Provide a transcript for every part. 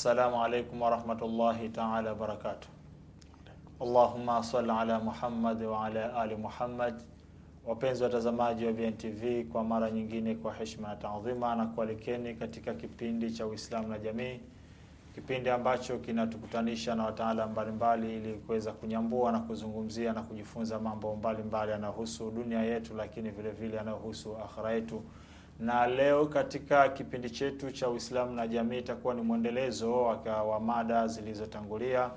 Assalamu alaikum warahmatullahi taala wabarakatuh. Allahumma salli ala Muhammad wa ala ali Muhammad. Wapenzi watazamaji wa VNTV, kwa mara nyingine, kwa heshima na taadhima, na kualikeni katika kipindi cha Uislamu na jamii, kipindi ambacho kinatukutanisha na wataalam mbalimbali ili kuweza kunyambua na kuzungumzia na kujifunza mambo mbalimbali yanayohusu dunia yetu, lakini vile vile yanayohusu akhira yetu na leo katika kipindi chetu cha Uislamu na jamii itakuwa ni mwendelezo wa mada zilizotangulia,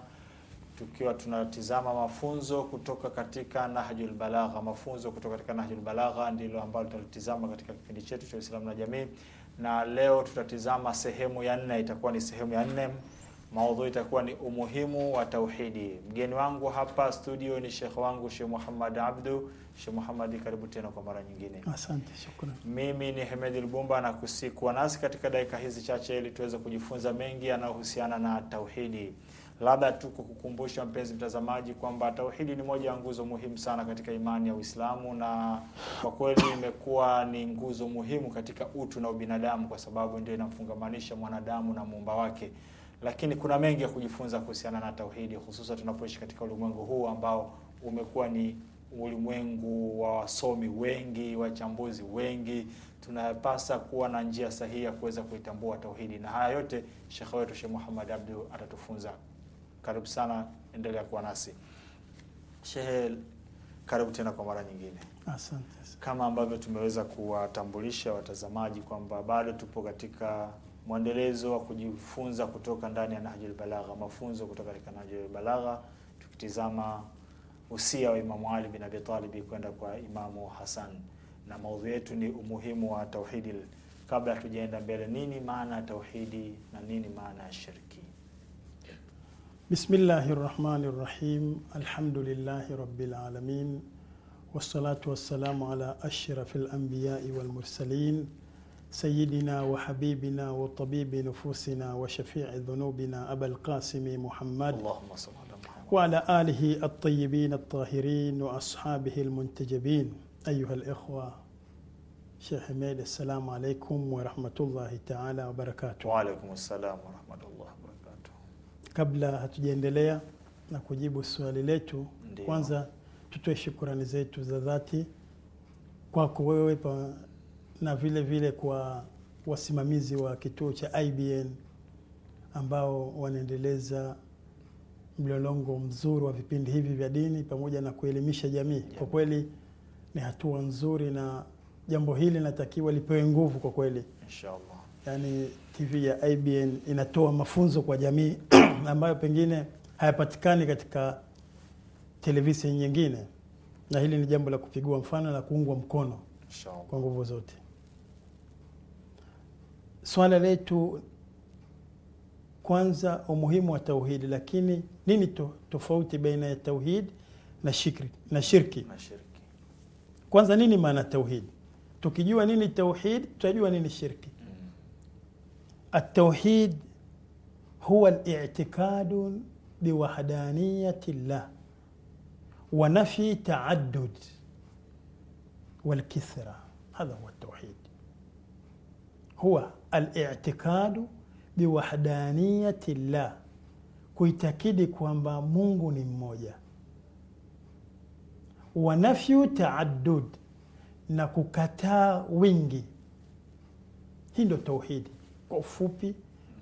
tukiwa tunatizama mafunzo kutoka katika Nahjul Balagha. Mafunzo kutoka katika Nahjul Balagha ndilo ambalo tutalitizama katika kipindi chetu cha Uislamu na jamii, na leo tutatizama sehemu ya nne, itakuwa ni sehemu ya nne Maudhui itakuwa ni umuhimu wa tauhidi. Mgeni wangu hapa studio ni shekhe wangu Sheikh Muhammad Abdu. Sheikh Muhammad, karibu tena kwa mara nyingine. Asante, shukrani. Mimi ni Hemedi Lubumba na kusikuwa nasi katika dakika hizi chache ili tuweze kujifunza mengi yanayohusiana na tauhidi. Labda tu kukukumbusha mpenzi mtazamaji kwamba tauhidi ni moja ya nguzo muhimu sana katika imani ya Uislamu, na kwa kweli imekuwa ni nguzo muhimu katika utu na ubinadamu, kwa sababu ndio inamfungamanisha mwanadamu na muumba wake lakini kuna mengi ya kujifunza kuhusiana na tauhidi, hususan tunapoishi katika ulimwengu huu ambao umekuwa ni ulimwengu wa wasomi wengi, wachambuzi wengi. Tunapasa kuwa na njia sahihi ya kuweza kuitambua tauhidi, na haya yote shekhe wetu Sheikh Muhammad Abdu atatufunza. Karibu sana, endelea kuwa nasi shehe. Karibu tena kwa mara nyingine. Asante. Kama ambavyo tumeweza kuwatambulisha watazamaji kwamba bado tupo katika mwendelezo wa kujifunza kutoka ndani ya Nahjul Balagha, mafunzo kutoka katika Nahjul Balagha, tukitizama usia wa Imamu Ali bin Abi Talib kwenda kwa Imamu Hasan, na maudhui yetu ni umuhimu wa tauhidi. Kabla hatujaenda mbele, nini maana ya tauhidi na nini maana ya shirki? Bismillahi rahmani rahim, alhamdulillahi rabbil alamin, wassalatu wassalamu ala ashrafil anbiyai wal mursalin سيدنا وحبيبنا وطبيب نفوسنا وشفيع ذنوبنا أبا القاسم محمد اللهم صل على محمد وعلى آله الطيبين الطاهرين وأصحابه المنتجبين أيها الإخوة شيخ حميد السلام عليكم ورحمة الله تعالى وبركاته وعليكم السلام ورحمة الله وبركاته kabla hatujaendelea na kujibu swali letu Ndiyo. kwanza tutoe shukurani zetu za na vile vile kwa wasimamizi wa kituo cha IBN ambao wanaendeleza mlolongo mzuri wa vipindi hivi vya dini pamoja na kuelimisha jamii. Kwa kweli ni hatua nzuri na jambo hili linatakiwa lipewe nguvu kwa kweli. Inshallah. Yani TV ya IBN inatoa mafunzo kwa jamii ambayo pengine hayapatikani katika televisheni nyingine, na hili ni jambo la kupigua mfano na kuungwa mkono Inshallah. kwa nguvu zote swala letu kwanza, umuhimu wa tauhidi. Lakini nini to, tofauti baina ya tauhid na shirki, na shirki? Kwanza, nini maana tauhid? Tukijua nini tauhid tutajua nini shirki. Mm. At-tauhid huwa al-i'tiqadu biwahdaniyati llah wa nafyi ta'addud wal-kithra, hadha huwa tauhid huwa al-i'tikadu biwahdaniyati llah, kuitakidi kwamba Mungu ni mmoja. Wa nafyu taaddud, na kukataa wingi. Hii ndo tauhidi kwa ufupi,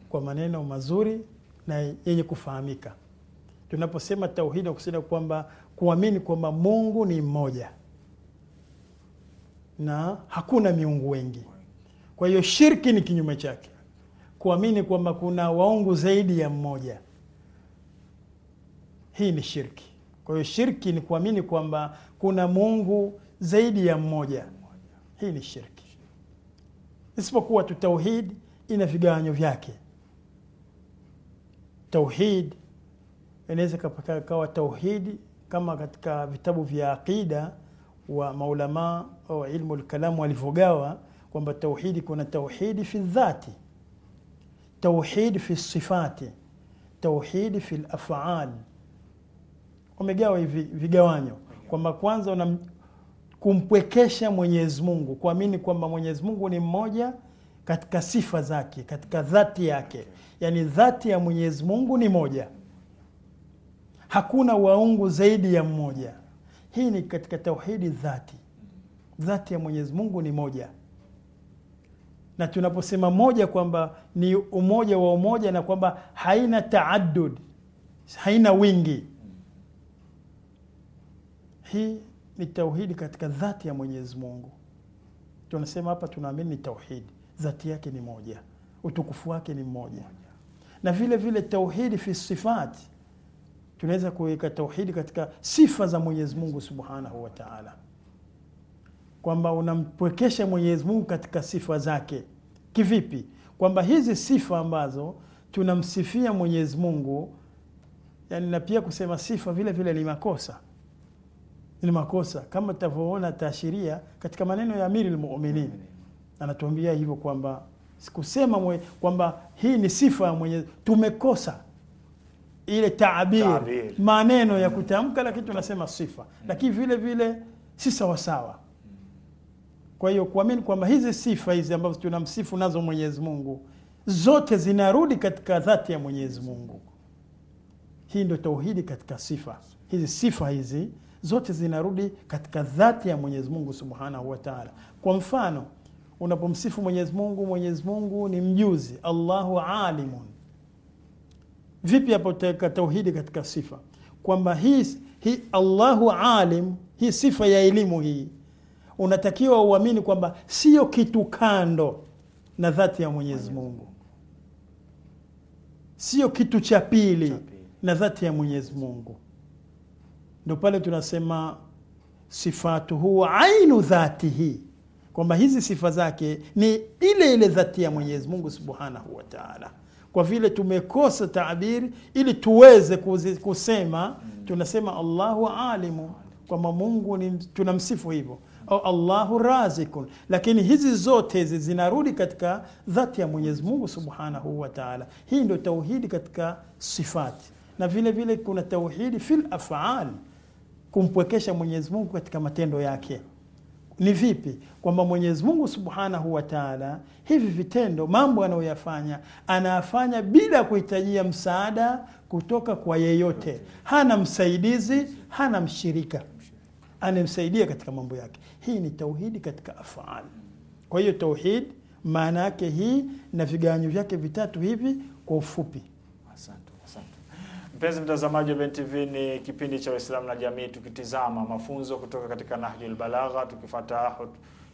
kwa maneno mazuri na yenye kufahamika. Tunaposema tauhidi na kusema kwamba kuamini kwamba Mungu ni mmoja na hakuna miungu wengi. Kwa hiyo shirki ni kinyume chake, kuamini kwamba kuna waungu zaidi ya mmoja. Hii ni shirki. Kwa hiyo shirki ni kuamini kwamba kuna muungu zaidi ya mmoja. Hii ni shirki, isipokuwa tu tauhid ina vigawanyo vyake. Tauhid inaweza kawa tauhidi kama katika vitabu vya aqida wa maulamaa au ilmu lkalamu walivyogawa kwamba tauhidi kuna tauhidi fi dhati, tauhidi fi sifati, tauhidi fi afal. Wamegawa hivi vigawanyo kwamba kwanza una kumpwekesha Mwenyezi Mungu, kuamini kwamba Mwenyezi Mungu ni mmoja katika sifa zake, katika dhati yake, yaani dhati ya Mwenyezi Mungu ni moja, hakuna waungu zaidi ya mmoja. Hii ni katika tauhidi dhati, dhati ya Mwenyezi Mungu ni moja na tunaposema moja kwamba ni umoja wa umoja na kwamba haina taadud haina wingi. Hii ni tauhidi katika dhati ya Mwenyezi Mungu. Tunasema hapa tunaamini ni tauhidi, dhati yake ni moja, utukufu wake ni mmoja, na vile vile tauhidi fi sifati tunaweza kuweka tauhidi katika sifa za Mwenyezi Mungu Subhanahu wataala kwamba unampwekesha Mwenyezi Mungu katika sifa zake. Kivipi? Kwamba hizi sifa ambazo tunamsifia Mwenyezi Mungu, yani na pia kusema sifa vile vile ni makosa, ni makosa kama tutavyoona taashiria katika maneno ya Amirul Mu'minin, anatuambia hivyo kwamba sikusema mwe, kwamba hii ni sifa ya Mwenyezi. Tumekosa ile taabir, taabir, maneno ya mm. kutamka, lakini tunasema sifa, lakini vile vile si sawasawa kwa hiyo kuamini kwamba hizi sifa hizi ambazo tunamsifu nazo Mwenyezi Mungu zote zinarudi katika dhati ya Mwenyezi Mungu. Hii ndio tauhidi katika sifa hizi. Sifa hizi zote zinarudi katika dhati ya Mwenyezi Mungu Subhanahu wa Ta'ala. Kwa mfano, unapomsifu Mwenyezi Mungu, Mwenyezi Mungu ni mjuzi, Allahu alimun. Vipi hapo tauhidi katika sifa? Kwamba hii hii Allahu alim, hii sifa ya elimu hii unatakiwa uamini kwamba sio kitu kando na dhati ya Mwenyezi Mungu, sio kitu cha pili na dhati ya Mwenyezi Mungu. Ndio pale tunasema sifatuhu ainu dhatihi, kwamba hizi sifa zake ni ile ile dhati ya Mwenyezi Mungu subhanahu wa taala. Kwa vile tumekosa tabiri ili tuweze kusema, mm. tunasema Allahu alimu, kwamba Mungu ni tunamsifu hivyo au Allahu razikun, lakini hizi zote zinarudi katika dhati ya Mwenyezi Mungu subhanahu wa taala. Hii ndio tauhidi katika sifati, na vile vile kuna tauhidi fil afal, kumpwekesha Mwenyezi Mungu katika matendo yake. Ni vipi? Kwamba Mwenyezi Mungu subhanahu wa taala hivi vitendo, mambo anayoyafanya anayafanya bila kuhitajia msaada kutoka kwa yeyote, hana msaidizi, hana mshirika anamsaidia katika mambo yake. Hii ni tauhidi katika afal Kwa hiyo tauhid maana yake hii na viganyo vyake vitatu hivi kwa ufupi. Asante, asante. Mpenzi mtazamaji wa BenTV, ni kipindi cha Uislamu na Jamii, tukitizama mafunzo kutoka katika Nahjul Balagha tukifata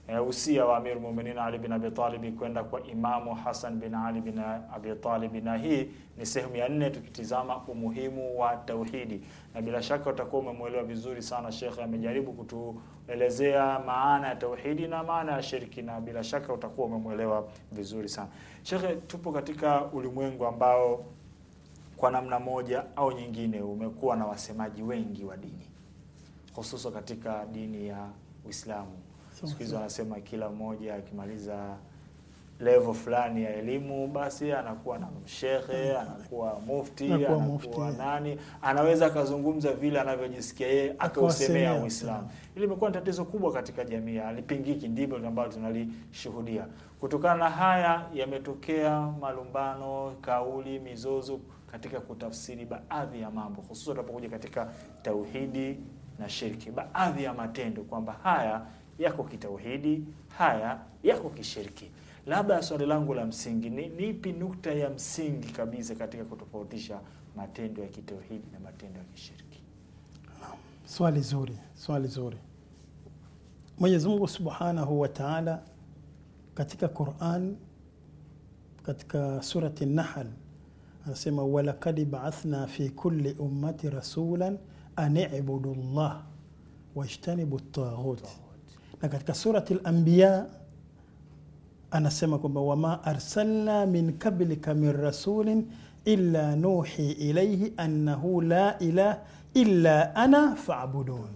Eh, usia wa Amir Mu'minin Ali bin Abi Talib kwenda kwa Imamu hasan bin Ali bin Abi Talib, na hii ni sehemu ya nne tukitizama umuhimu wa tauhidi, na bila shaka utakuwa umemwelewa vizuri sana. Shekhe amejaribu kutuelezea maana ya tauhidi na maana ya shirki, na bila shaka utakuwa umemwelewa vizuri sana. Shekhe, tupo katika ulimwengu ambao kwa namna moja au nyingine umekuwa na wasemaji wengi wa dini, hususan katika dini ya Uislamu Siku hizi wanasema kila mmoja akimaliza level fulani ya elimu basi anakuwa na mshehe, anakuwa mufti, anakuwa, mufti, nani, anaweza akazungumza vile anavyojisikia yeye akausemea Uislamu. Hili imekuwa ni tatizo kubwa katika jamii, alipingiki, ndivyo ambalo tunalishuhudia. Kutokana na haya yametokea malumbano, kauli, mizozo katika kutafsiri baadhi ya mambo, hususan tunapokuja katika tauhidi na shirki, baadhi ya matendo kwamba haya yako kitauhidi, haya yako kishirki. Labda swali langu la msingi ni nipi nukta ya msingi kabisa katika kutofautisha matendo ya kitauhidi na matendo ya kishiriki? Swali zuri, swali zuri. Mwenyezi Mungu Subhanahu wa Ta'ala katika Qur'an katika surati Nahl anasema walakad baathna fi kulli ummati rasulan an ibudu llah wajtanibu taghut na katika surati lambiya anasema kwamba wama arsalna min qablika min rasulin illa nuhi ilaihi annahu la ilaha illa ana fa'budun,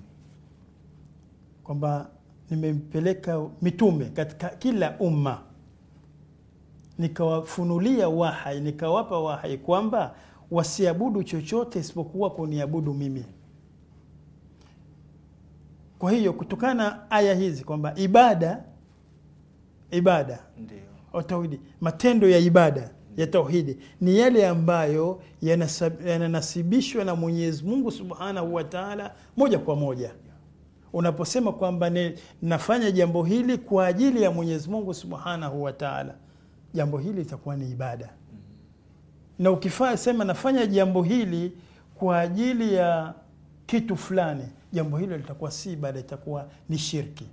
kwamba nimempeleka mitume katika kila umma nikawafunulia wahai nikawapa wahai kwamba wasiabudu chochote isipokuwa kuniabudu mimi. Kwa hiyo kutokana na aya hizi kwamba ibada ibada tauhidi, matendo ya ibada ya tauhidi ni yale ambayo yananasibishwa na Mwenyezi Mungu Subhanahu wa Ta'ala moja kwa moja. Unaposema kwamba nafanya jambo hili kwa ajili ya Mwenyezi Mungu Subhanahu wa Ta'ala, jambo hili itakuwa ni ibada. Mm-hmm. Na ukifaa sema nafanya jambo hili kwa ajili ya kitu fulani jambo hilo litakuwa si ibada, itakuwa ni shirki.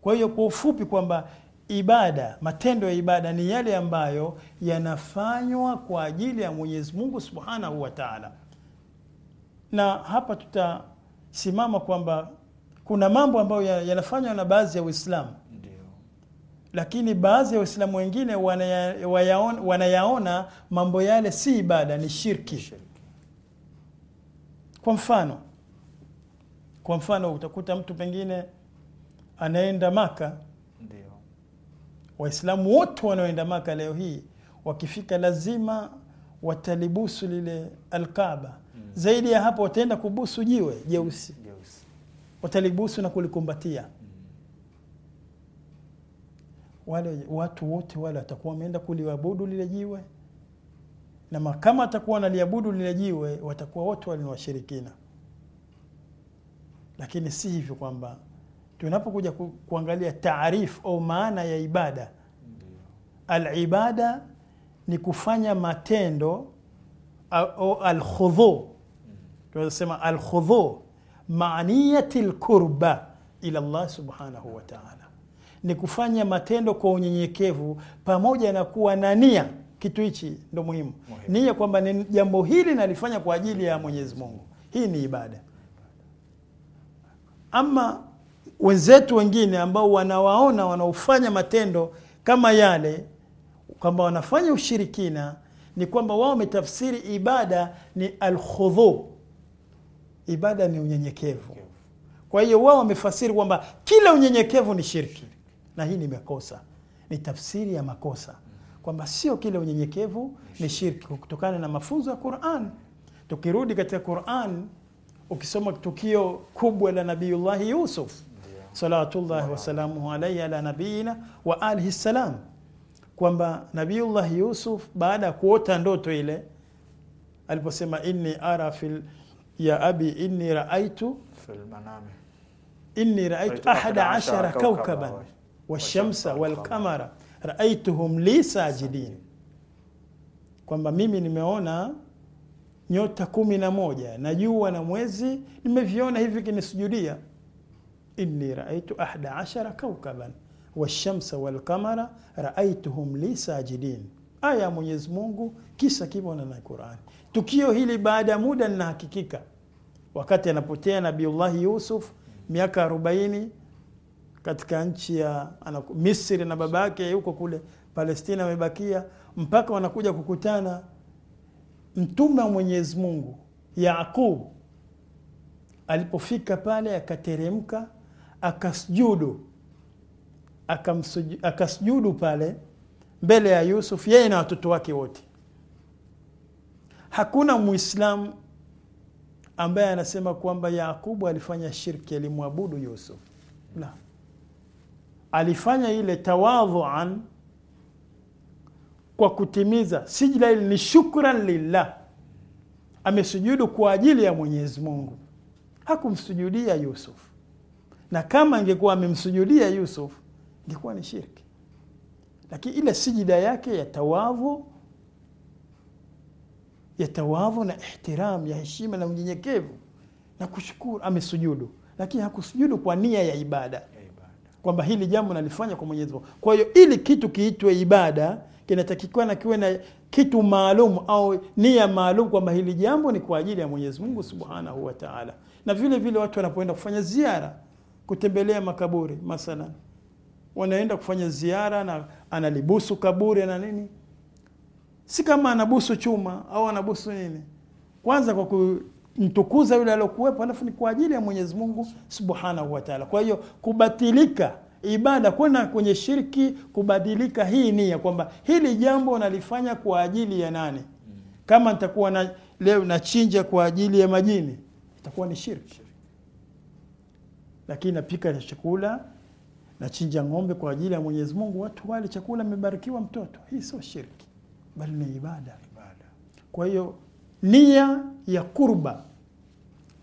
Kwa hiyo kwa ufupi kwamba ibada, matendo ya ibada ni yale ambayo yanafanywa kwa ajili ya Mwenyezi Mungu Subhanahu wa Ta'ala, na hapa tutasimama kwamba kuna mambo ambayo yanafanywa na baadhi ya uislamu lakini baadhi ya Waislamu wengine wanayaona mambo yale si ibada, ni shirki. Kwa mfano kwa mfano utakuta mtu pengine anaenda Maka, Waislamu wote wanaoenda Maka leo hii wakifika lazima watalibusu lile alkaba Mm. Zaidi ya hapo wataenda kubusu jiwe jeusi, watalibusu na kulikumbatia. Mm. Wale watu wote wale watakuwa wameenda kuliabudu lile jiwe, na kama atakuwa analiabudu lile jiwe watakuwa wote waliwashirikina lakini si hivyo kwamba tunapokuja ku, kuangalia taarifu au maana ya ibada alibada ni kufanya matendo au alkhudhu tunazosema alkhudhu maaniyati lkurba ila llah subhanahu wataala ni kufanya matendo kwa unyenyekevu pamoja na kuwa na nia. Kitu hichi ndo muhimu, nia kwamba ni jambo hili nalifanya kwa ajili ya Mwenyezi Mungu. Hii ni ibada. Ama wenzetu wengine ambao wanawaona wanaofanya matendo kama yale kwamba wanafanya ushirikina, ni kwamba wao wametafsiri ibada ni alkhudhu, ibada ni unyenyekevu. Kwa hiyo wao wamefasiri kwamba kila unyenyekevu ni shirki, na hii ni makosa, ni tafsiri ya makosa kwamba sio kila unyenyekevu ni shirki, kutokana na mafunzo ya Quran. Tukirudi katika Quran ukisoma tukio kubwa la Nabiyullahi Yusuf yeah. salawatullahi wasalamuhu alaihi ala nabiina wa alihi salam, kwamba Nabiyullahi Yusuf baada ya kuota ndoto ile aliposema inni ara fil ya abi inni raaitu fil manami inni raaitu ahada ashara kawkaban washamsa walqamara raaituhum li sajidin, kwamba mimi nimeona nyota kumi na moja na jua na mwezi nimeviona hivi kinisujudia. inni raaitu ahda ashara kaukaban washamsa walqamara raaituhum li sajidin, aya ya Mwenyezi Mungu, kisa kimo na Qurani. Tukio hili baada ya muda linahakikika, wakati anapotea Nabiullahi Yusuf miaka arobaini katika nchi ya Misri na baba yake yuko kule Palestina, amebakia mpaka wanakuja kukutana mtume wa Mwenyezi Mungu Yaqub alipofika pale akateremka akasjudu akasjudu pale mbele ya Yusuf yeye na watoto wake wote. Hakuna Muislamu ambaye anasema kwamba Yakubu alifanya shirki, alimwabudu Yusuf. La, alifanya ile tawadhuan kwa kutimiza sijda ni shukran lillah, amesujudu kwa ajili ya Mwenyezi Mungu, hakumsujudia Yusuf. Na kama angekuwa amemsujudia Yusuf ingekuwa ni shirki, lakini ile sijida yake ya tawavu ya tawavu na ihtiram ya heshima na unyenyekevu na kushukuru, amesujudu lakini hakusujudu kwa nia ya ibada, kwamba hili jambo nalifanya kwa Mwenyezi Mungu. Kwa hiyo ili kitu kiitwe ibada kinatakikana kiwe na kitu maalum au nia maalum kwamba hili jambo ni kwa ajili ya Mwenyezi Mungu Subhanahu wa Ta'ala. Na vile vile watu wanapoenda kufanya ziara, kutembelea makaburi masalan wanaenda kufanya ziara na analibusu kaburi na nini, si kama anabusu chuma au anabusu nini, kwanza kwa ku mtukuza yule aliokuwepo alafu ni kwa ajili ya Mwenyezi Mungu Subhanahu wa Ta'ala. Kwa hiyo kubatilika ibada, kwenda kwenye shirki, kubadilika hii nia kwamba hili jambo nalifanya kwa ajili ya nani? Kama nitakuwa na, leo nachinja kwa ajili ya majini, itakuwa ni shirki. Lakini napika na chakula, nachinja ng'ombe kwa ajili ya Mwenyezi Mungu, watu wale chakula, amebarikiwa mtoto, hii sio shirki, bali ni ibada. Kwa hiyo nia ya kurba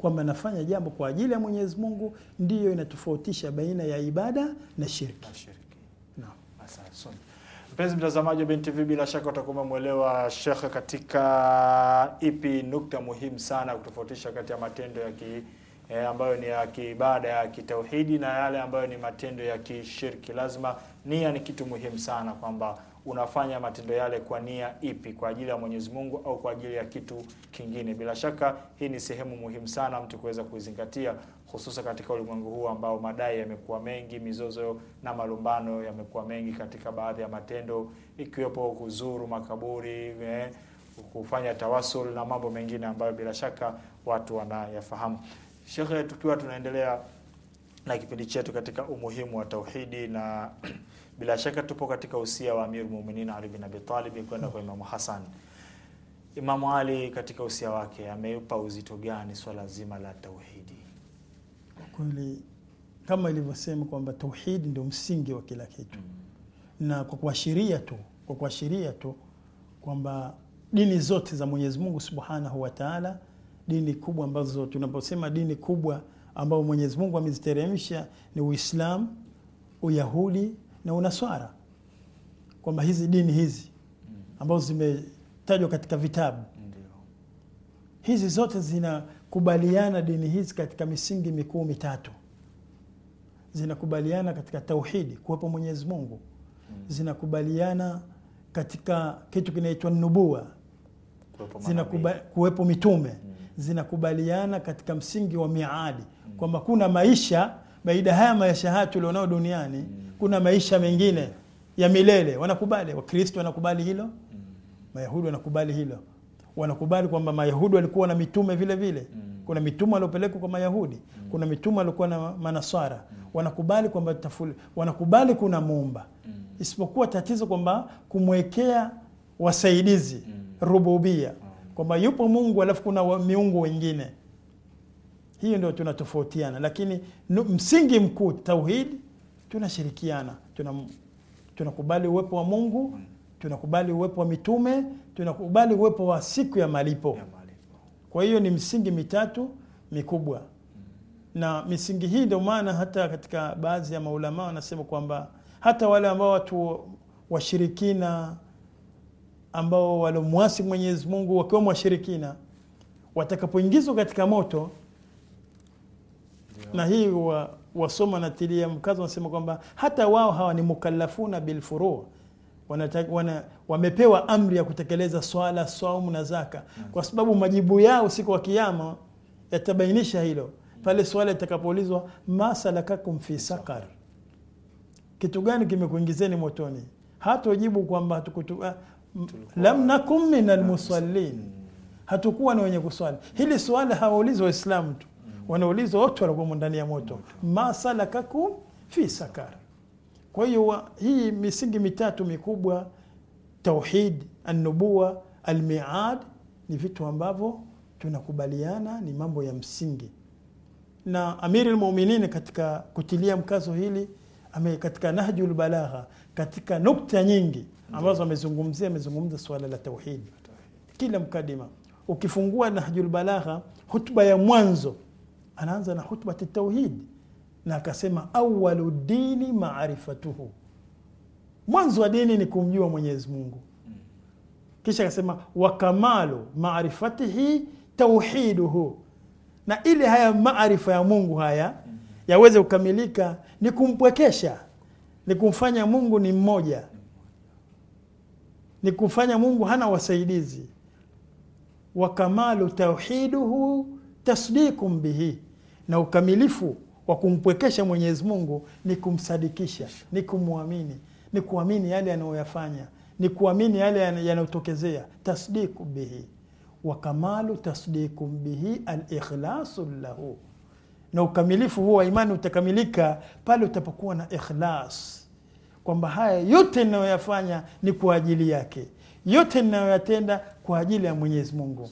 kwamba nafanya jambo kwa ajili ya Mwenyezi Mungu, ndiyo inatofautisha baina ya ibada na shirki. Mpenzi mtazamaji wa BNTV, bila shaka utakuwa umemwelewa shekhe katika ipi nukta muhimu sana kutofautisha kati ya matendo ya ki eh, ambayo ni ya kiibada ya kitauhidi na yale ambayo ni matendo ya kishirki. Lazima nia ni kitu muhimu sana kwamba unafanya matendo yale kwa nia ipi, kwa ajili ya Mwenyezi Mungu au kwa ajili ya kitu kingine? Bila shaka hii ni sehemu muhimu sana mtu kuweza kuizingatia, hususa katika ulimwengu huu ambao madai yamekuwa mengi, mizozo na malumbano yamekuwa mengi katika baadhi ya matendo, ikiwepo kuzuru makaburi eh, kufanya tawasul na mambo mengine ambayo bila shaka watu wanayafahamu. Shekhe, tukiwa tunaendelea na kipindi chetu katika umuhimu wa tauhidi na Bila shaka tupo katika usia wa Amir Mu'minin Ali bin Abi Talib kwenda kwa Imamu Hasan. Imamu Ali katika usia wake ameupa uzito gani swala zima la tauhidi? Kwa kweli kama ilivyosema kwamba tauhidi ndio msingi wa kila kitu mm. na kwa kuashiria tu kwa kuashiria tu kwamba dini zote za Mwenyezi Mungu Subhanahu wa Ta'ala, dini kubwa ambazo tunaposema dini kubwa ambayo Mwenyezi Mungu ameziteremsha ni Uislamu, Uyahudi na Unaswara, kwamba hizi dini hizi ambazo zimetajwa katika vitabu hizi zote zinakubaliana, dini hizi katika misingi mikuu mitatu zinakubaliana katika tauhidi, kuwepo Mwenyezi Mungu, zinakubaliana katika kitu kinaitwa nubua, kuwepo mitume Zinakubaliana katika msingi wa miadi mm. kwamba kuna maisha baida haya maisha haya tulionao duniani mm kuna maisha mengine ya milele. Wanakubali Wakristo, wanakubali hilo, mm. Mayahudi wanakubali hilo, wanakubali kwamba Mayahudi walikuwa na mitume vile vile. Mm. Kuna mitume waliopelekwa kwa Mayahudi, mm. kuna mitume walikuwa na Manaswara. Wanakubali kwamba tafuli, wanakubali kuna muumba, isipokuwa tatizo kwamba kumwekea wasaidizi rububia, kwamba yupo Mungu alafu kuna miungu wengine. Hiyo ndio tunatofautiana, lakini msingi mkuu tauhidi tunashirikiana, tunakubali tuna uwepo wa Mungu, tunakubali uwepo wa mitume, tunakubali uwepo wa siku ya malipo. Kwa hiyo ni misingi mitatu mikubwa, na misingi hii ndio maana hata katika baadhi ya maulama wanasema kwamba hata wale ambao watu washirikina ambao walomwasi Mwenyezi Mungu wakiwemo washirikina watakapoingizwa katika moto na hii wa, wasoma wanatilia mkazo wanasema kwamba hata wao hawa ni mukallafuna bilfuru wana, wamepewa amri ya kutekeleza swala saumu na zaka kwa sababu majibu yao siku wa kiyama yatabainisha hilo pale swala itakapoulizwa masalakakum fi sakar kitu gani kimekuingizeni motoni hatojibu kwamba ah, lam nakum min almusallin hatukuwa ni wenye kuswali hili swala hawaulizwa waislamu tu wanaulizwa wote wanagomo ndani ya moto, masalakakum fi sakar. Kwa hiyo hii misingi mitatu mikubwa, tauhid, annubuwa, almiad, ni vitu ambavyo tunakubaliana ni mambo ya msingi, na Amiri lmuminini katika kutilia mkazo hili ame, katika nahju lbalagha, katika nukta nyingi ambazo amezungumzia amezungumza suala la tauhid kila mkadima. Ukifungua nahju lbalagha, hutuba ya mwanzo anaanza na hutbati tauhid na akasema awalu dini maarifatuhu, mwanzo wa dini ni kumjua Mwenyezi Mungu. Kisha akasema wakamalu maarifatihi tauhiduhu, na ili haya maarifa ya Mungu haya yaweze kukamilika ni kumpwekesha, ni kumfanya Mungu ni mmoja, ni kumfanya Mungu hana wasaidizi. Wakamalu tauhiduhu tasdikum bihi na ukamilifu wa kumpwekesha Mwenyezi Mungu ni kumsadikisha, ni kumwamini, ni kuamini yale anayoyafanya, ni kuamini yale yanayotokezea. Tasdiku bihi wa kamalu tasdiku bihi alikhlasu lahu, na ukamilifu huo wa imani utakamilika pale utapokuwa na ikhlas, kwamba haya yote ninayoyafanya ni kwa ajili yake, yote ninayoyatenda kwa ajili ya Mwenyezi Mungu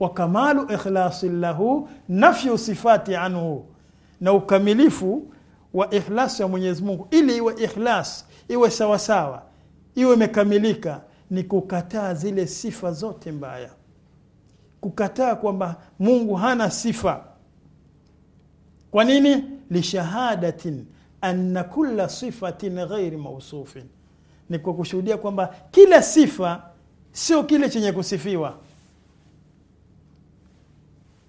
wa kamalu ikhlasi lahu nafyu sifati anhu, na ukamilifu wa ikhlas ya Mwenyezi Mungu. Ili iwe ikhlas, iwe sawasawa, iwe imekamilika, ni kukataa zile sifa zote mbaya, kukataa kwamba Mungu hana sifa. Kwa nini? lishahadatin anna kulla sifatin ghairi mausufin, ni kwa kushuhudia kwamba kila sifa sio kile chenye kusifiwa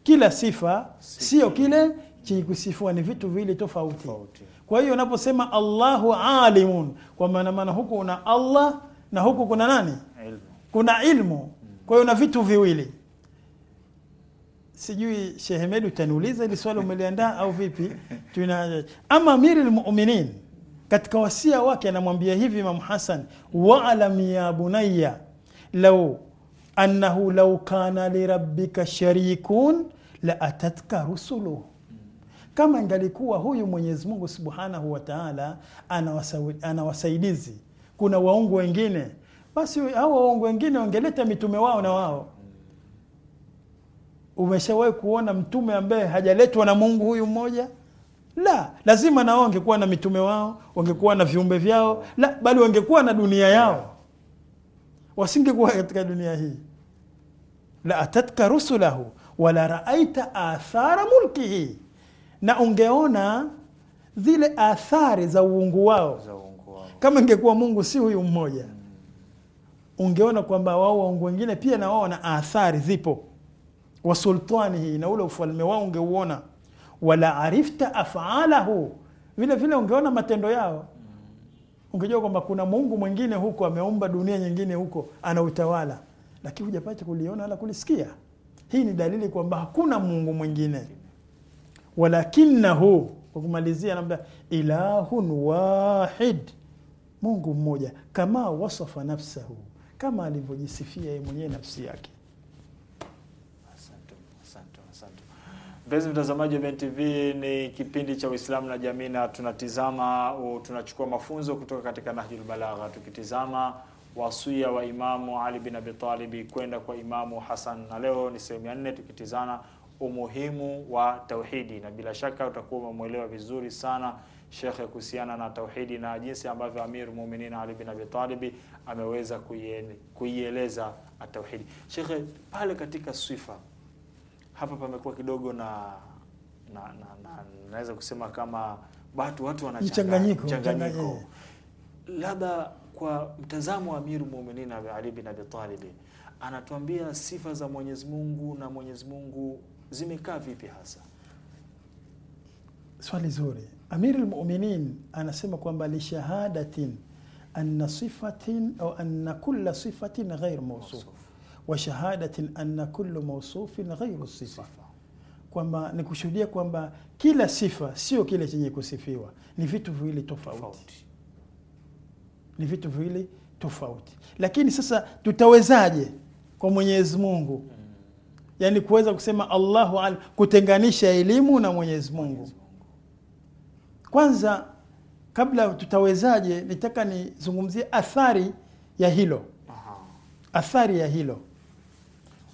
kila sifa sio kile chikusifiwa, ni vitu viwili tofauti. Kwa hiyo unaposema Allahu alimun, kwa maana maana huku una Allah na huku kuna nani? Ilmu. Kuna ilmu. Kwa hiyo na vitu viwili. Sijui Sheikh Ahmed, utaniuliza ili swali umeliandaa au vipi? Tuna ama amiri lmuminin katika wasia wake anamwambia hivi Imam Hassan, wa alam ya bunayya law annahu lau kana lirabbika sharikun la atatka rusuluhu kama ingalikuwa huyu Mwenyezi Mungu Subhanahu wataala ana wasaidizi, kuna waungu wengine, basi hao waungu wengine wangeleta mitume wao na wao. Umeshawahi kuona mtume ambaye hajaletwa na Mungu huyu mmoja? La, lazima nao wangekuwa na mitume wao, wangekuwa na viumbe vyao, la bali wangekuwa na dunia yao, wasingekuwa katika dunia hii la atatka rusulahu wala raaita athara mulkihi, na ungeona zile athari za uungu wao, Kama ingekuwa Mungu si huyu mmoja Ungeona kwamba wao waungu wengine pia na wao na athari zipo, wasultanihi, na ule ufalme wao ungeuona. Wala arifta afalahu, vile vile ungeona matendo yao, ungejua kwamba kuna Mungu mwingine huko ameumba dunia nyingine huko anautawala lakini hujapata kuliona wala kulisikia. Hii ni dalili kwamba hakuna Mungu mwingine. Walakinahu, kwa kumalizia, anambia ilahun wahid, Mungu mmoja, kama wasafa nafsahu, kama alivyojisifia yeye mwenyewe nafsi yake. Mpenzi mtazamaji wa BNTV, ni kipindi cha Uislamu na jamii, na tunatizama tunachukua mafunzo kutoka katika Nahjul Balagha tukitizama wasia wa Imamu Ali bin Abi Talib kwenda kwa Imamu Hasan, na leo ni sehemu ya nne tukitizana umuhimu wa tauhidi, na bila shaka utakuwa umemwelewa vizuri sana shekhe kuhusiana na tauhidi na jinsi ambavyo Amir Mu'minin Ali bin Abi Talib ameweza kuieleza tauhidi. Shekhe, pale katika swifa hapa pamekuwa kidogo na naweza na, na, na kusema kama batu watu wanachanganyiko, labda kwa mtazamo wa Amiru Muuminin Ali bin Abi Talib anatuambia sifa za Mwenyezi Mungu na Mwenyezi Mungu zimekaa vipi hasa? Swali zuri. Amiru Mu'minin anasema kwamba lishahadatin anna sifatin au anna kulla sifatin ghair mausuf wa shahadatin anna kullu mausufin ghairu sifa, kwamba ni kushuhudia kwamba kila sifa sio kile chenye kusifiwa, ni vitu viwili tofauti ni vitu viwili tofauti. Lakini sasa tutawezaje kwa Mwenyezi Mungu, yaani kuweza kusema Allahu al kutenganisha elimu na Mwenyezi Mungu? Kwanza, kabla tutawezaje, nitaka nizungumzie athari ya hilo, athari ya hilo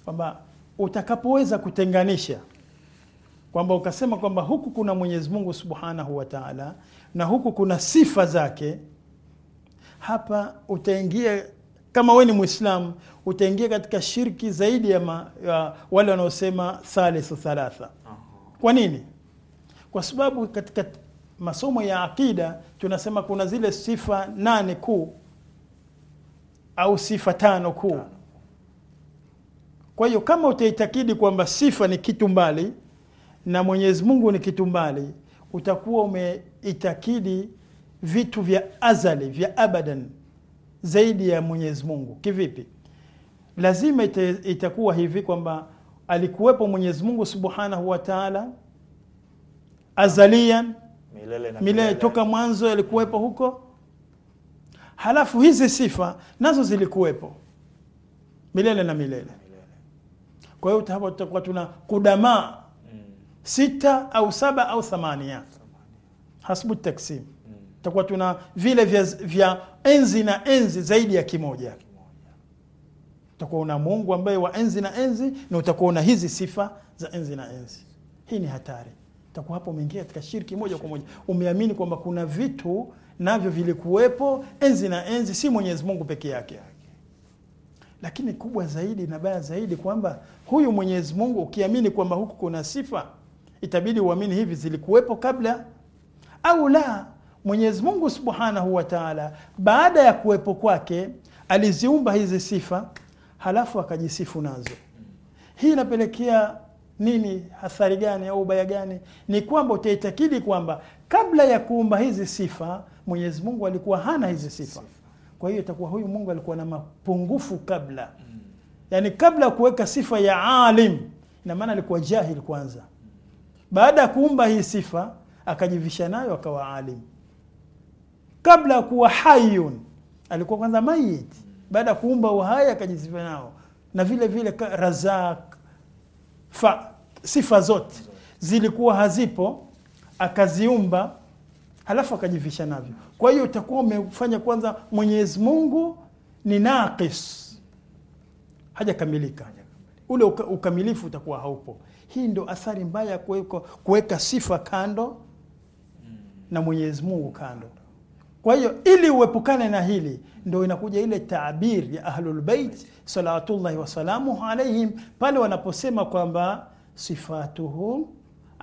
kwamba utakapoweza kutenganisha kwamba ukasema kwamba huku kuna Mwenyezi Mungu subhanahu wa taala na huku kuna sifa zake hapa utaingia kama we ni mwislamu utaingia katika shirki zaidi ya, ma, ya wale wanaosema thalithu thalatha. Kwa nini? Kwa sababu katika masomo ya aqida tunasema kuna zile sifa nane kuu au sifa tano kuu. Kwa hiyo kama utaitakidi kwamba sifa ni kitu mbali na Mwenyezi Mungu ni kitu mbali, utakuwa umeitakidi vitu vya azali vya abadan zaidi ya Mwenyezi Mungu. Kivipi? Lazima ite, itakuwa hivi kwamba alikuwepo Mwenyezi Mungu subhanahu wa taala azalian milele, na milele, toka mwanzo alikuwepo huko, halafu hizi sifa nazo zilikuwepo milele na milele. Kwa hiyo hapa tutakuwa tuna kudamaa mm. sita au saba au thamania hasbu taksimu tutakuwa tuna vile vya, vya enzi na enzi zaidi ya kimoja utakuwa una mungu ambaye wa enzi na enzi na utakuwa una hizi sifa za enzi na enzi hii ni hatari utakuwa hapo umeingia katika shiriki moja kwa moja umeamini kwamba kuna vitu navyo vilikuwepo enzi na enzi si mwenyezi mungu peke yake lakini kubwa zaidi na baya zaidi kwamba huyu mwenyezi mungu ukiamini kwamba huku kuna sifa itabidi uamini hivi zilikuwepo kabla au la Mwenyezi Mungu Subhanahu wa Ta'ala baada ya kuwepo kwake aliziumba hizi sifa halafu akajisifu nazo. Hii inapelekea nini? Athari gani au ubaya gani? Ni kwamba utaitakidi kwamba kabla ya kuumba hizi sifa Mwenyezi Mungu alikuwa hana hizi sifa. Kwa hiyo itakuwa huyu Mungu alikuwa na mapungufu kabla, yaani kabla ya kuweka sifa ya alim, ina maana alikuwa jahil kwanza. Baada ya kuumba hii sifa akajivisha nayo akawa alim kabla ya kuwa hayun alikuwa kwanza mayit, baada ya kuumba uhai akajisifa nao, na vile vile razak fa, sifa zote zilikuwa hazipo akaziumba, halafu akajivisha navyo. Kwa hiyo utakuwa umefanya kwanza, Mwenyezi Mungu ni naqis, hajakamilika ule ukamilifu utakuwa haupo. Hii ndo athari mbaya ya kuweka sifa kando na Mwenyezi Mungu kando. Kwa hiyo ili uepukane na hili, ndo inakuja ile tabir ya Ahlulbeit salawatullahi wasalamuhu alaihim pale wanaposema kwamba sifatuhum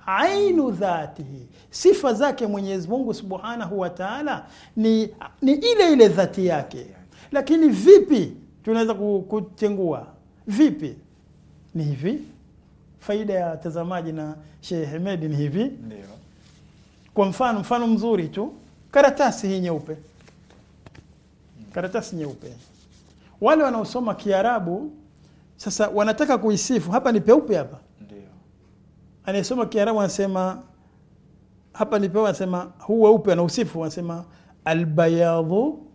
ainu dhatihi, sifa zake Mwenyezi Mungu subhanahu wa taala ni, ni ile ile dhati yake. Lakini vipi tunaweza kutengua? Vipi? Ni hivi, faida ya tazamaji na Sheikh Hemedi ni hivi. Ndiyo. Kwa mfano, mfano mzuri tu karatasi hii nyeupe, karatasi nyeupe. Wale wanaosoma Kiarabu sasa wanataka kuisifu, hapa ni peupe, hapa ndio. Anayesoma Kiarabu anasema hapa ni peupe, anasema huu weupe, anausifu, anasema albayadhu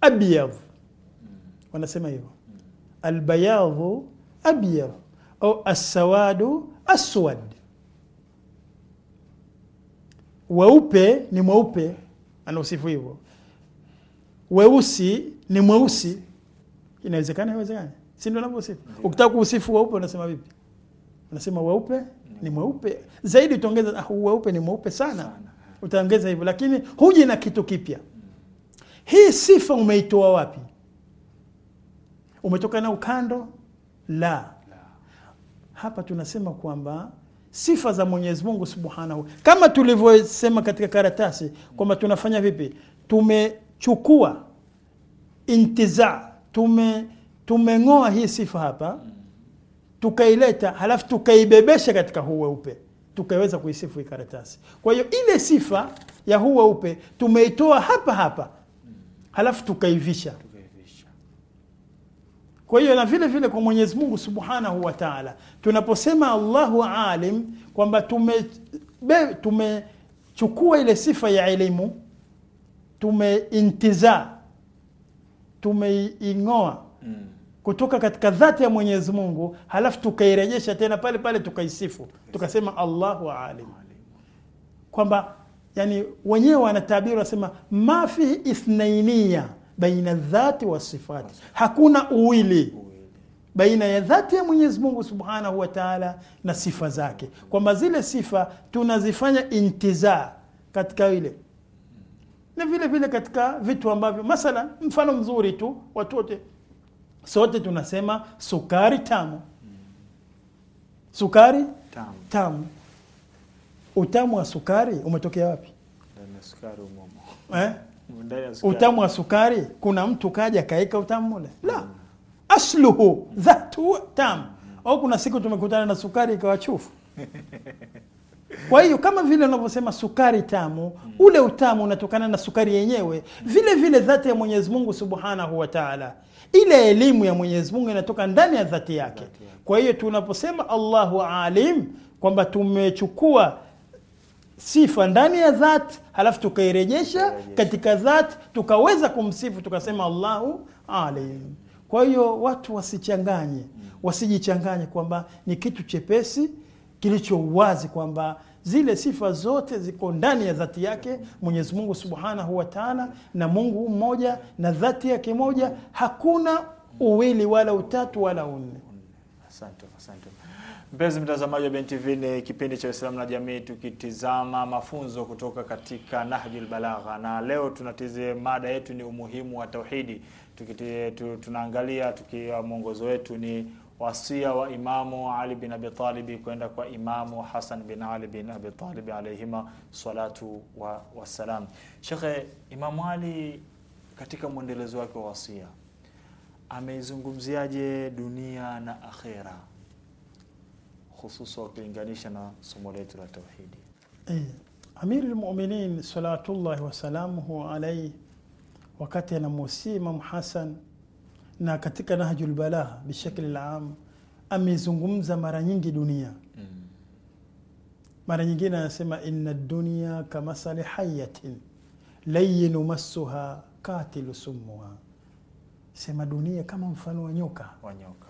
abyad, mm. wanasema hivyo albayadhu abyad au assawadu aswad, weupe ni mweupe anausifu hivyo. Weusi ni mweusi, inawezekana? Haiwezekani, si ndio anavyosifu? Ukitaka kuusifu weupe unasema vipi? Unasema weupe ni mweupe zaidi, utaongeza ah, weupe ni mweupe sana, utaongeza hivyo, lakini huji na kitu kipya. Hii sifa umeitoa wapi? Umetoka na ukando la hapa tunasema kwamba sifa za Mwenyezi Mungu Subhanahu, kama tulivyosema katika karatasi kwamba tunafanya vipi, tumechukua intiza, tume tumeng'oa hii sifa hapa tukaileta, halafu tukaibebesha katika huu weupe tukaweza kuisifu hii karatasi. Kwa hiyo ile sifa ya huu weupe tumeitoa hapa hapa, halafu tukaivisha kwa hiyo na vile vile kwa Mwenyezi Mungu Subhanahu wa Ta'ala, tunaposema Allahu alim kwamba tumechukua tume ile sifa ya elimu tumeintiza tumeing'oa mm. kutoka katika dhati ya Mwenyezi Mungu, halafu tukairejesha tena pale pale tukaisifu Tukasema Allahu alim kwamba yani wenyewe wanatabiri, wanasema ma fihi ithnainia baina dhati wa sifati, hakuna uwili baina ya dhati ya Mwenyezi Mungu subhanahu wataala taala na sifa zake, kwamba zile sifa tunazifanya intizaa katika ile na vile vile katika vitu ambavyo masalan mfano mzuri tu, watu wote sote tunasema sukari tamu, sukari tamu, tamu. Utamu wa sukari umetokea wapi? Sukari Eh? utamu wa sukari, kuna mtu kaja kaeka utamu ule la asluhu dhatu tam. Au kuna siku tumekutana na sukari ikawa chufu. Kwa hiyo kama vile unavyosema sukari tamu, ule utamu unatokana na sukari yenyewe. Vile vile dhati ya Mwenyezi Mungu subhanahu wa taala, ile elimu ya Mwenyezi Mungu inatoka ndani ya dhati yake. Kwa hiyo tunaposema Allahu alim, kwamba tumechukua sifa ndani ya dhati halafu tukairejesha katika dhati tukaweza kumsifu tukasema Allahu alim. Kwa hiyo watu wasichanganye, mm. wasijichanganye kwamba ni kitu chepesi kilicho wazi kwamba zile sifa zote ziko ndani ya dhati yake Mwenyezi Mungu Subhanahu wa Ta'ala, na Mungu mmoja na dhati yake moja, hakuna uwili wala utatu wala unne. Asante, asante. Mpenzi mtazamaji wa BNTV, ni kipindi cha Uislamu na Jamii, tukitizama mafunzo kutoka katika Nahjul Balagha, na leo tunatize mada yetu ni umuhimu wa tauhidi. Tunaangalia tukiwa uh, mwongozo wetu ni wasia wa Imamu Ali bin Abi kwenda kwa Imamu Hasan bin Ali bin Abi Talib alayhima salatu wa wassalam. Shekhe, Imamu Ali katika mwendelezo wake wa wasia ameizungumziaje dunia na akhera? hususa wakilinganisha na somo letu la tauhidi. Eh, Amirul lmuminin salatullahi wasalamuhu alaihi wakati anamuhusia Imamu Hasan na katika Nahju Balagha bishakli lam amezungumza mara nyingi dunia mm. mara nyingine anasema inna dunya kamathali hayatin layinu massuha katilu sumuha, sema dunia kama mfano wa nyoka wa nyoka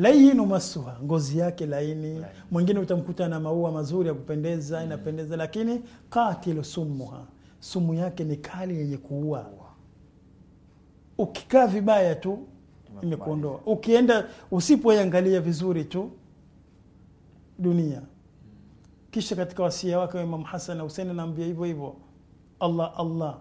lainu masuha, ngozi yake laini. Mwingine utamkuta na maua mazuri ya kupendeza, inapendeza, lakini katilu sumuha, sumu yake ni kali yenye kuua. Ukikaa vibaya tu imekuondoa, ukienda usipoiangalia vizuri tu dunia. Kisha katika wasia wake wa Imamu Hasan na Husein anaambia hivyo hivyo, Allah Allah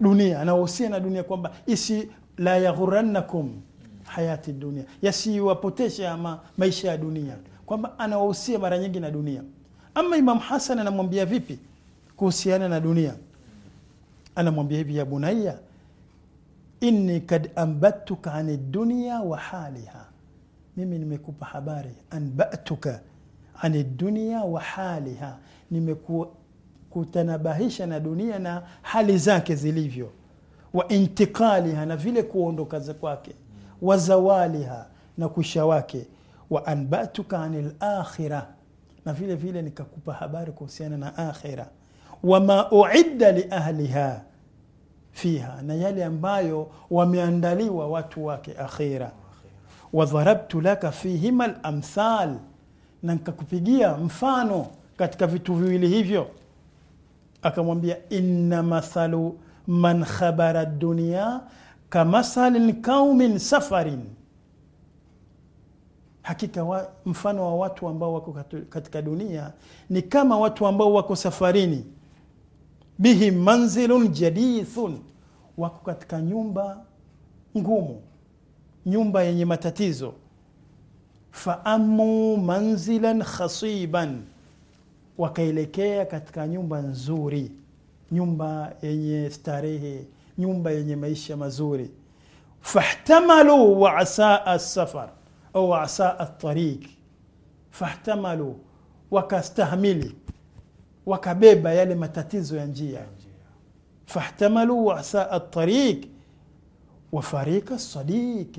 dunia anawahusia na dunia kwamba isi la yaghurannakum hayati dunia, yasiwapotesha ama maisha ya dunia, kwamba anawahusia mara nyingi na dunia. Ama Imam Hasan anamwambia vipi kuhusiana na dunia? Anamwambia hivi, ya bunayya inni kad ambatuka ani dunia wa haliha, mimi nimekupa habari anbatuka ani dunia wa haliha, nimekutanabahisha na dunia na hali zake zilivyo, wa intiqaliha, na vile kuondoka kwake wa zawaliha na kuisha wake, wa anbatuka ani lakhira na vile vile nikakupa habari kuhusiana na akhira, wama uidda li ahliha fiha, na yale ambayo wameandaliwa watu wake akhira. Wadharabtu laka fihima lamthal, na nkakupigia mfano katika vitu viwili hivyo. Akamwambia inna mathalu man khabara dunia kamathalin qaumin safarin, hakika wa, mfano wa watu ambao wako katika dunia ni kama watu ambao wako safarini. Bihi manzilun jadithun, wako katika nyumba ngumu, nyumba yenye matatizo. Faamu manzilan khasiban, wakaelekea katika nyumba nzuri, nyumba yenye starehe nyumba yenye maisha mazuri fahtamalu wa asaa asafar au wa asaa fahtamalu wakastahmili wakabeba yale matatizo ya njia fahtamalu wa asaa wafarika wa farika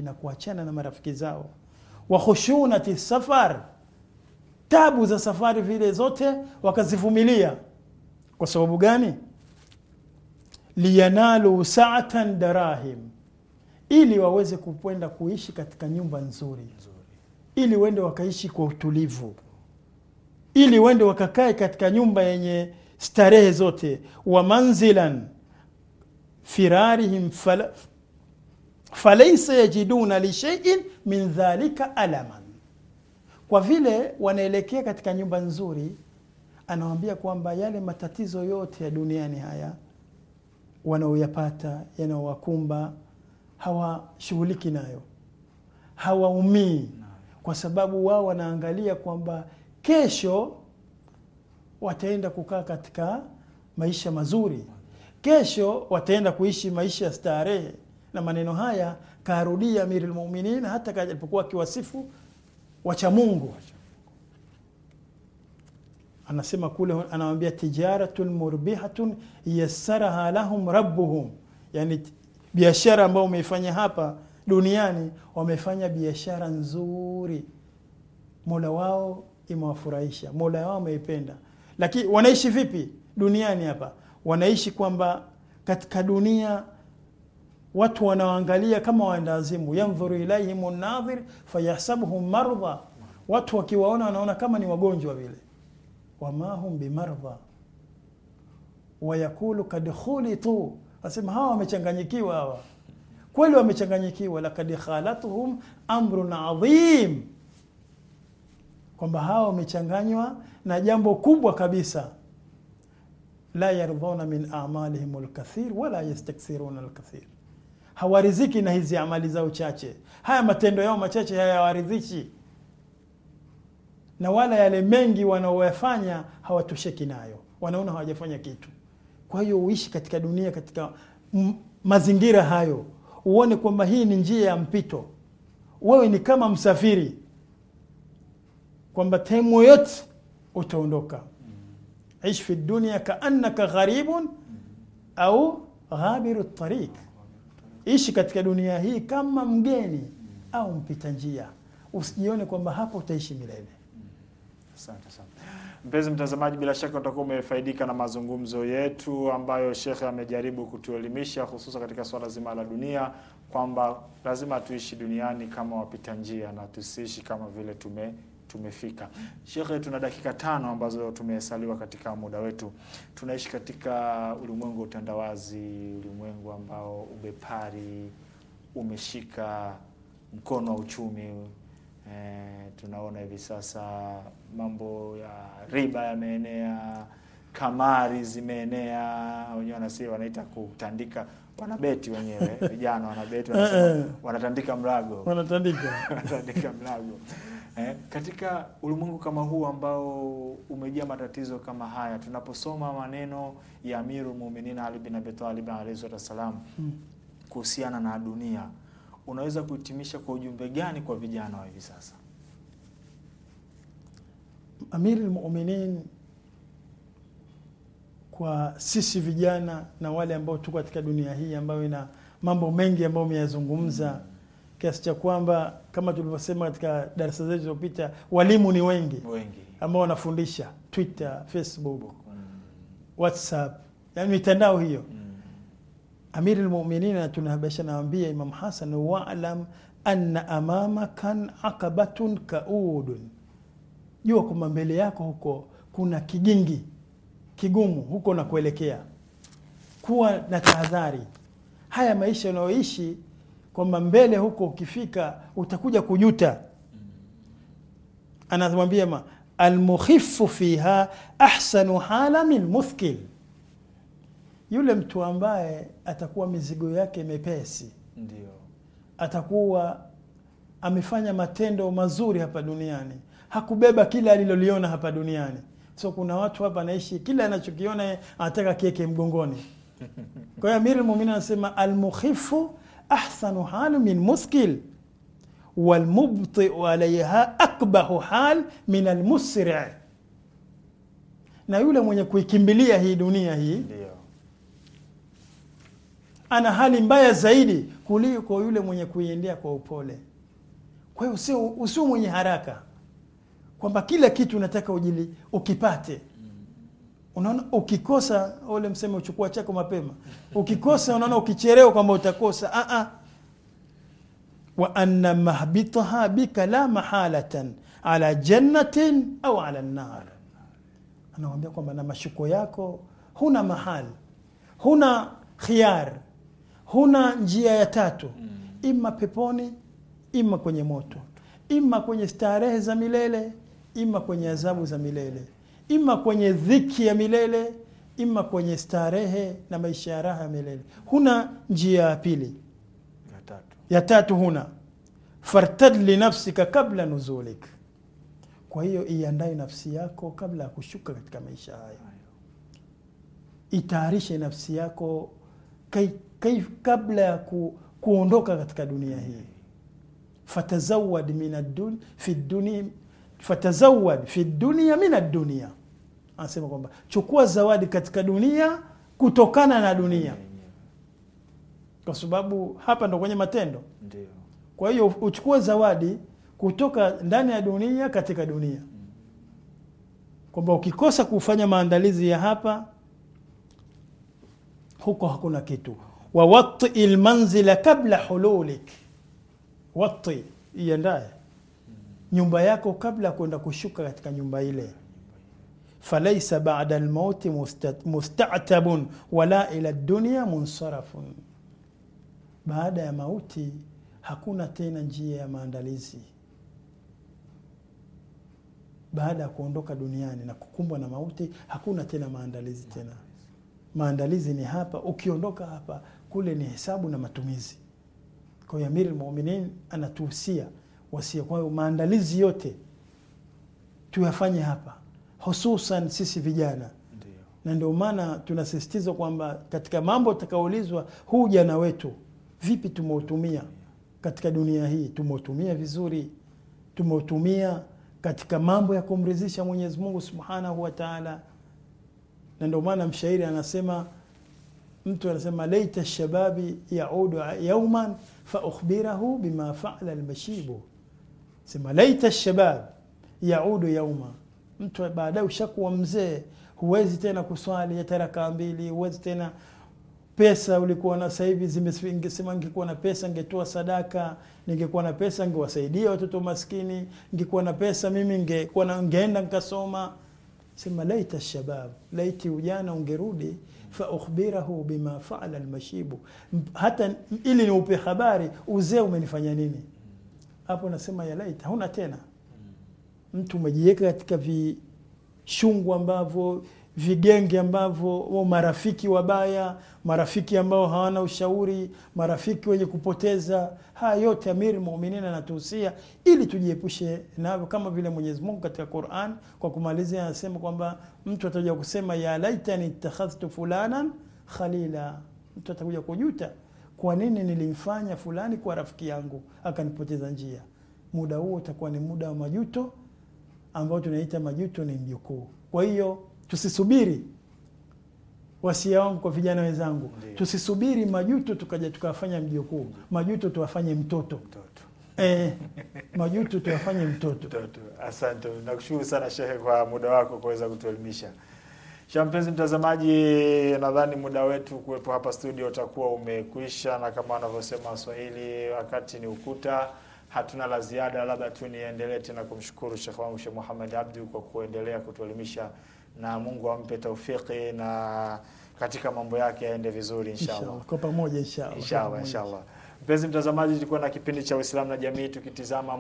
na kuachana na marafiki zao wa khushunati safar tabu za safari vile zote wakazivumilia kwa sababu gani liyanalu sa'atan darahim, ili waweze kupenda kuishi katika nyumba nzuri, ili wende wakaishi kwa utulivu, ili wende wakakae katika nyumba yenye starehe zote. wa manzilan firarihim fala, falaisa yajiduna lisheiin min dhalika alaman, kwa vile wanaelekea katika nyumba nzuri. Anawambia kwamba yale matatizo yote ya duniani haya wanaoyapata yanaowakumba hawashughuliki nayo, hawaumii, kwa sababu wao wanaangalia kwamba kesho wataenda kukaa katika maisha mazuri, kesho wataenda kuishi maisha ya starehe. Na maneno haya kaarudia Amirul Mu'minin hata alipokuwa akiwasifu wacha anasema kule, anawambia tijaratun murbihatun yassaraha lahum rabbuhum, yani biashara ambayo umeifanya hapa duniani, wamefanya biashara nzuri, mola wao imewafurahisha, mola wao ameipenda. Lakini wanaishi vipi duniani hapa? Wanaishi kwamba katika dunia watu wanaoangalia kama waendawazimu, yandhuru ilaihim nadhir fayahsabuhum mardha, watu wakiwaona wanaona kama ni wagonjwa vile wama hum bimardha wayakulu kad khulitu, asema hawa wamechanganyikiwa, hawa kweli wamechanganyikiwa. Lakad khalatuhum amrun adhim, kwamba hawa wamechanganywa na jambo kubwa kabisa. La yardhuna min amalihim alkathir wala yastakthiruna alkathir, hawaridhiki na hizi amali zao chache, haya matendo yao machache hayawaridhishi na wala yale mengi wanaoyafanya hawatosheki nayo, wanaona hawajafanya kitu. Kwa hiyo uishi katika dunia katika mazingira hayo, uone kwamba hii ni njia ya mpito. Wewe ni kama msafiri, kwamba time yoyote utaondoka. Ishi fi dunia kaannaka gharibun au ghabiru tariq, ishi katika dunia hii kama mgeni au mpita njia. Usijione kwamba hapo utaishi milele. Asante sana mpenzi mtazamaji, bila shaka utakuwa umefaidika na mazungumzo yetu ambayo shekhe amejaribu kutuelimisha, hususan katika swala zima la dunia, kwamba lazima tuishi duniani kama wapita njia na tusiishi kama vile tume tumefika. Shekhe, tuna dakika tano ambazo tumesaliwa katika muda wetu. Tunaishi katika ulimwengu wa utandawazi, ulimwengu ambao ubepari umeshika mkono wa uchumi E, tunaona hivi sasa mambo ya riba yameenea, kamari zimeenea, wenyewe wanasi wanaita kutandika, wanabeti wenyewe vijana wanabeti wanasema, eh, eh. wanatandika mlago wanatandika wanatandika mlago eh, katika ulimwengu kama huu ambao umejaa matatizo kama haya, tunaposoma maneno ya Amirul Mu'minin Ali bin Abi Talib alayhi salatu hmm. kuhusiana na dunia unaweza kuhitimisha kwa ujumbe gani kwa vijana wa hivi sasa? Amiri Muminin, kwa sisi vijana na wale ambao tuko katika dunia hii ambayo ina mambo mengi ambayo umeyazungumza kiasi cha kwamba kama tulivyosema katika darasa zetu zilizopita, walimu ni wengi, wengi ambao wanafundisha Twitter, Facebook, mm. WhatsApp, yani mitandao hiyo mm. Amiri lmuminin tunabesha nawambia Imam Hasan, walam anna amamakan akabatun kaudun, jua kwamba mbele yako huko kuna kigingi kigumu huko na kuelekea. Kuwa na tahadhari, haya maisha unayoishi kwamba mbele huko ukifika utakuja kujuta. Anamwambia almukhifu fiha ahsanu hala min muthkil yule mtu ambaye atakuwa mizigo yake mepesi, ndio atakuwa amefanya matendo mazuri hapa duniani, hakubeba kila aliloliona hapa duniani. So kuna watu hapa anaishi kila anachokiona anataka kieke mgongoni. Kwa hiyo Amirul Mu'minin anasema almukhifu ahsanu halu min muskil walmubtiu alaiha akbahu hal min almusri, na yule mwenye kuikimbilia hii dunia hii Ndiyo ana hali mbaya zaidi kuliko yule mwenye kuiendea kwa upole. Kwa hiyo usio, mwenye haraka kwamba kila kitu unataka ujili ukipate. Unaona, ukikosa ule mseme uchukua chako mapema, ukikosa unaona, ukicherewa kwamba utakosa. A ah, a ah. wa anna mahbitaha bika la mahalatan ala jannatin au ala nar, anawambia kwamba na mashuko yako huna mahali, huna khiyar huna njia ya tatu, mm. ima peponi, ima kwenye moto, ima kwenye starehe za milele, ima kwenye adhabu za milele, ima kwenye dhiki ya milele, ima kwenye starehe na maisha ya raha ya milele. Huna njia ya pili, ya tatu, ya tatu huna. Fartad linafsika kabla nuzulik, kwa hiyo iandae nafsi yako kabla ya kushuka katika maisha haya, itayarishe nafsi yako kai kabla ya ku, kuondoka katika dunia hii fatazawad min fi dunia fatazawad fi dunia min adunia, anasema kwamba chukua zawadi katika dunia kutokana na dunia, kwa sababu hapa ndo kwenye matendo. Kwa hiyo uchukue zawadi kutoka ndani ya dunia katika dunia, kwamba ukikosa kufanya maandalizi ya hapa, huko hakuna kitu wa wati lmanzila kabla hululik wati iendaye nyumba yako kabla kwenda kushuka katika nyumba ile falaisa bada lmauti mustatabun wala ila dunia munsarafun baada ya mauti hakuna tena njia ya maandalizi baada ya kuondoka duniani na kukumbwa na mauti hakuna tena maandalizi tena maandalizi ni hapa ukiondoka hapa kule ni hesabu na matumizi. Kwa hiyo Amiri Almuuminin anatuhusia wasia. Kwa hiyo maandalizi yote tuyafanye hapa, hususan sisi vijana, na ndio maana tunasisitiza kwamba katika mambo atakaoulizwa huu ujana wetu vipi tumeutumia katika dunia hii, tumeutumia vizuri, tumeutumia katika mambo ya kumridhisha Mwenyezi Mungu Subhanahu wataala na ndio maana mshairi anasema mtu anasema laita shababi yaudu yauman faukhbirahu bima faala lmashibu sema laita shabab yaudu yauma. Mtu baadaye ushakuwa mzee, huwezi tena kuswali hata rakaa mbili, huwezi tena pesa ulikuwa na sahivi zimesema, ngekuwa na pesa ngetoa sadaka, ningekuwa na pesa ngewasaidia watoto maskini, ngekuwa na pesa mimi ngekuwa na ngeenda nikasoma. Sema laita shabab, laiti ujana ungerudi faukhbirahu bima faala almashibu, hata ili ni upe habari uzee umenifanya nini. Hapo nasema ya laita, huna tena mm. mtu umejiweka katika vishungu ambavyo vigenge ambavyo marafiki wabaya, marafiki ambao hawana ushauri, marafiki wenye kupoteza. Haya yote Amir Muuminin anatuhusia ili tujiepushe navyo, kama vile Mwenyezi Mungu katika Quran kwa kumalizia anasema kwamba mtu atakuja kusema ya laitani ittakhadhtu fulanan khalila, mtu atakuja kujuta, kwa nini nilimfanya fulani kwa rafiki yangu akanipoteza njia. Muda huo utakuwa ni muda wa majuto, ambao tunaita majuto ni mjukuu. Kwa hiyo tusisubiri wasia wangu kwa vijana wenzangu, tusisubiri majuto tukaja tukawafanya mjukuu, majuto tuwafanye mtoto, mtoto. Eh, majuto tuwafanye mtoto, mtoto. Asante, nakushukuru sana Shehe kwa muda wako kuweza kutuelimisha. shampenzi mtazamaji, nadhani muda wetu kuwepo hapa studio utakuwa umekwisha, na kama wanavyosema Waswahili, wakati ni ukuta. Hatuna la ziada, labda tu niendelee tena kumshukuru shekh wangu shekh muhamed Abdu kwa kuendelea kutuelimisha na Mungu ampe taufiki na katika mambo yake yaende vizuri inshallah. Kwa pamoja inshallah. Inshallah inshallah. Mpenzi mtazamaji, tulikuwa na kipindi cha Uislamu na jamii tukitizama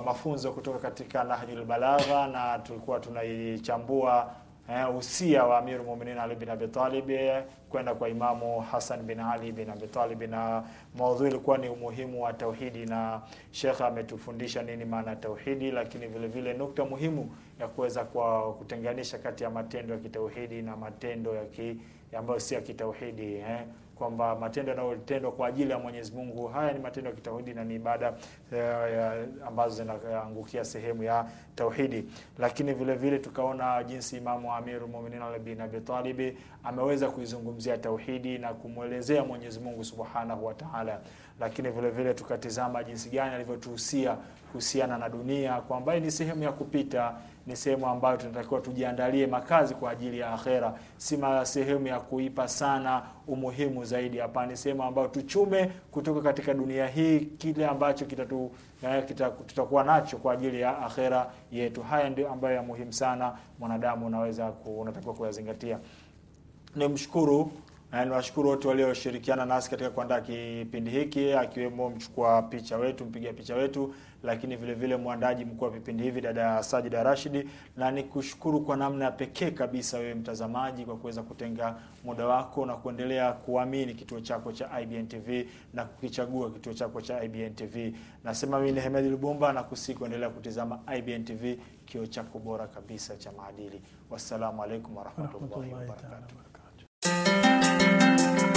mafunzo kutoka katika Nahjul Balagha na tulikuwa tunaichambua eh, usia wa Amiru Muuminin Ali bin Abi Talib eh, kwenda kwa Imamu Hassan bin Ali bin Abi Talib, na maudhui ilikuwa ni umuhimu wa tauhidi, na Sheikh ametufundisha nini maana ya tauhidi, lakini vile vile nukta muhimu ya kuweza kwa kutenganisha kati ya matendo ya kitauhidi na matendo ya ki, ambayo si ya kitauhidi eh kwamba matendo yanayotendwa kwa ajili ya Mwenyezi Mungu haya ni matendo ya kitauhidi na ni ibada uh, ambazo zinaangukia sehemu ya tauhidi. Lakini vile vile tukaona jinsi Imamu Amirul Mu'minin Ali bin Abi Talib ameweza kuizungumzia tauhidi na kumwelezea Mwenyezi Mungu Subhanahu wa Ta'ala lakini vile vile tukatizama jinsi gani alivyotuhusia kuhusiana na dunia kwamba ni sehemu ya kupita, ni sehemu ambayo tunatakiwa tujiandalie makazi kwa ajili ya akhera, si sehemu ya kuipa sana umuhimu zaidi. Hapa ni sehemu ambayo tuchume kutoka katika dunia hii kile ambacho kitatu eh, kita, tutakuwa nacho kwa ajili ya akhera yetu. Haya ndio ambayo ya muhimu sana mwanadamu unaweza ku, unatakiwa kuyazingatia. Nimshukuru na niwashukuru wote walioshirikiana nasi katika kuandaa kipindi hiki akiwemo mchukua picha wetu, mpiga picha wetu, lakini vile vile mwandaji mkuu wa vipindi hivi dada Sajida Rashidi, na nikushukuru kwa namna pekee kabisa wewe mtazamaji kwa kuweza kutenga muda wako na kuendelea kuamini kituo chako cha IBN TV na kukichagua kituo chako cha IBN TV. Nasema mimi ni Hemedi Lubumba na kusikuendelea kutizama IBN TV, kio chako bora kabisa cha maadili. Wassalamu alaikum warahmatullahi wabarakatuh. you